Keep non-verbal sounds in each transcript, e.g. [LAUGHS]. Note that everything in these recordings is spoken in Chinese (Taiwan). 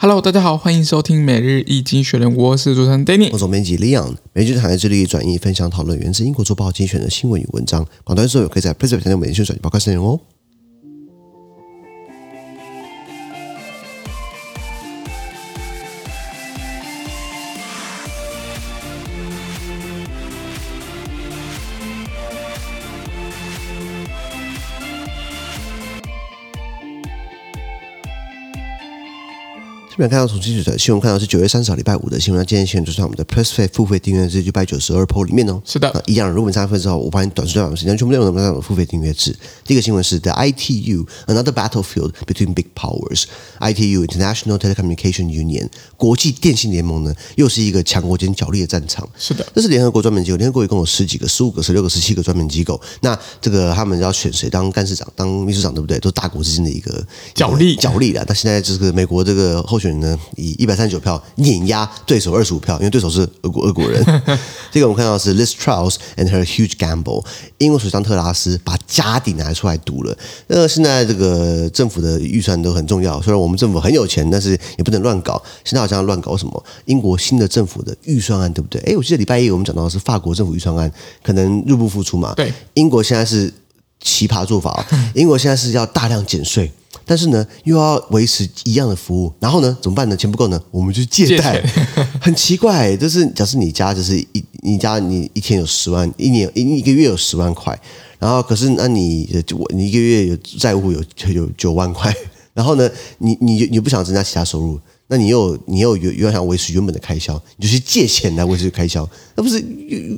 Hello，大家好，歡迎收聽每日一經濟學人，我是主持人 Danny，我是總編輯 Leon。每日一經濟學人致力轉譯、分享、討論源自英國《周報》精選的新聞與文章。廣大聽眾可以在 PressPlay 每日精選手機 Podcast 哦。新聞看到，重新聞看到是九月三十號禮拜五的新聞。那今天新聞就在我們的 PressPlay 付費訂閱制九百九十二坡裡面哦。是的，啊、一樣的。如果我們加費之後，我發現短訊、短訊、短訊，全部都有我們付費訂閱制。第一個新聞是 The ITU Another Battlefield Between Big Powers。ITU International Telecommunication Union 國際電信聯盟呢，又是一個強國間角力的戰場。是的，這是聯合國專門機構。聯合國一共有十幾個、十五個、十六個、十七個專門機構。那這個他們要選誰當幹事長、當秘書長，對不對？都是大國之間的一個角力、角力了。那現在這個美國這個候選。呢，以一百三十九票碾壓對手二十五票，因為對手是俄國，俄國人。 [LAUGHS] 這個我們看到是 Liz Truss and her huge gamble。英國首相特拉斯把家底拿出來賭了。那現在這個政府的預算都很重要，雖然我們政府很有錢，但是也不能亂搞。現在好像亂搞什麼？英國新的政府的預算案，對不對？誒、欸，我記得禮拜一我們講到的是法國政府預算案，可能入不敷出嘛。對，英國現在是。奇葩做法啊！英國現在是要大量減稅，但是呢，又要維持一樣的服務，然後呢，怎麼辦呢？錢不夠呢，我們就借貸。很奇怪、欸，就是假設你家就是一，你家你一天有十萬，一年一一個月有十萬塊，然後可是那你就我你一個月有債務有有九萬塊，然後呢，你你你不想增加其他收入。那你又你又原又要想維持原本的開銷，你就去借錢來維持開銷，那不是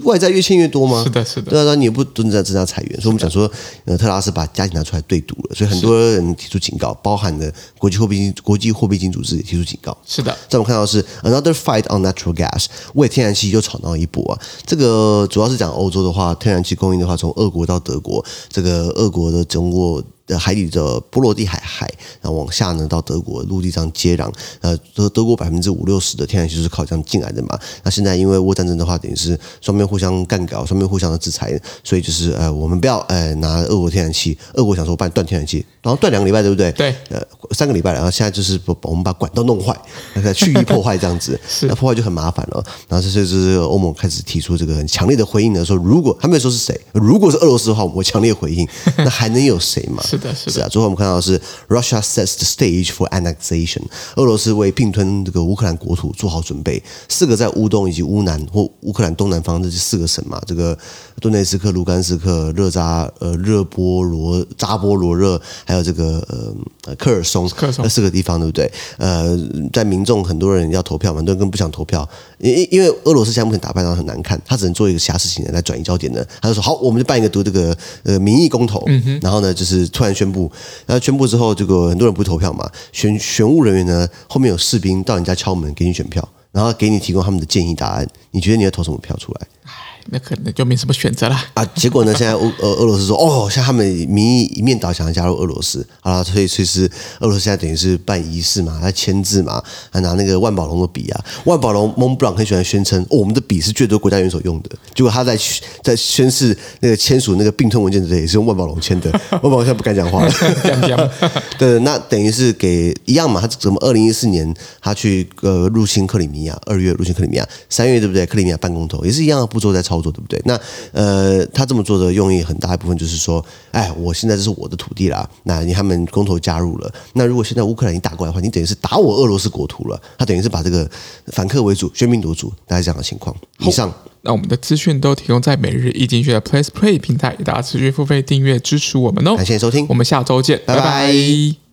外債越欠越多嗎？是的，是的。對啊，那你又不真正增加財源。所以我們講說，呃，特拉斯把家底拿出來對賭了，所以很多人提出警告，的包含了國際貨幣金國際貨幣金組織也提出警告。是的，在我們看到是 another fight on natural gas，為天然氣又吵鬧一波啊。這個主要是講歐洲的話，天然氣供應的話，從俄國到德國，這個俄國的整個，的海底的波羅的海海，然後往下呢到德國陸地上接壤。呃，德德國百分之五六十的天然氣就是靠這樣進來的嘛。那現在因為俄烏戰爭的話，等於是雙邊互相干搞，雙邊互相的制裁，所以就是呃，我們不要呃拿俄國天然氣，俄國想說辦斷天然氣，然後斷兩個禮拜對不對？對。呃，三個禮拜，然後現在就是我們把管道弄壞，它蓄意破壞這樣子， [LAUGHS] 那破壞就很麻煩了，哦。然後這就這歐盟開始提出這個很強烈的回應呢，說如果他沒有說是誰，如果是俄羅斯的話，我強烈回應，那還能有誰嘛？ [LAUGHS] 是是,是啊，最後我們看到是 Russia sets the stage for annexation，俄羅斯為併吞這個烏克蘭國土做好準備。四個在烏東以及烏南或烏克蘭東南方這是四個省嘛，這個頓內斯克、盧甘斯克、熱扎呃熱波羅扎波羅熱，還有這個呃科爾松、克爾松那四個地方，對不對？呃，在民眾很多人要投票嘛，很多人根本不想投票，因為因為俄羅斯現在目前打敗仗很難看，他只能做一個瑕疵型的來轉移焦點的，他就說好，我們就辦一個讀這個呃民意公投、嗯，然後呢，就是突然。宣佈，然後宣佈之後，這個很多人不投票嘛，選選務人員呢，後面有士兵到你家敲門，給你選票，然後給你提供他們的建議答案。你覺得你要投什麼票出來？那可能就沒什麼選擇了啊！結果呢？現在、呃、俄俄俄羅斯說哦，像他們民意一面倒，想要加入俄羅斯，好了，所以其實俄羅斯現在等於是辦儀式嘛，他簽字嘛，他拿那個萬寶龍的筆啊。萬寶龍蒙布朗很喜歡宣稱、哦，我們的筆是最多國家元首用的。結果他在在宣誓那個簽署那個併吞文件的時候，也是用萬寶龍簽的。萬寶龍現在不敢講話了，這樣 [LAUGHS] 講 [LAUGHS] 對，那等於是給一樣嘛。他怎麼？二零一四年他去呃入侵克里米亞，二月入侵克里米亞，三月對不對？克里米亞辦公投也是一樣的步驟在，操作，對不對？那呃，他這麼做的用意很大一部分就是說，哎，我現在這是我的土地啦。那你他們公投加入了，那如果現在烏克蘭已經打過來的話，你等於是打我俄羅斯國土了。他等於是把這個反客為主，喧賓奪主，大概這樣的情況。以上好，那我們的資訊都提供在每日一經濟學人的 PressPlay 平台，大家持續付費訂閱支持我們哦。感謝收聽，我們下周見，拜拜。拜拜。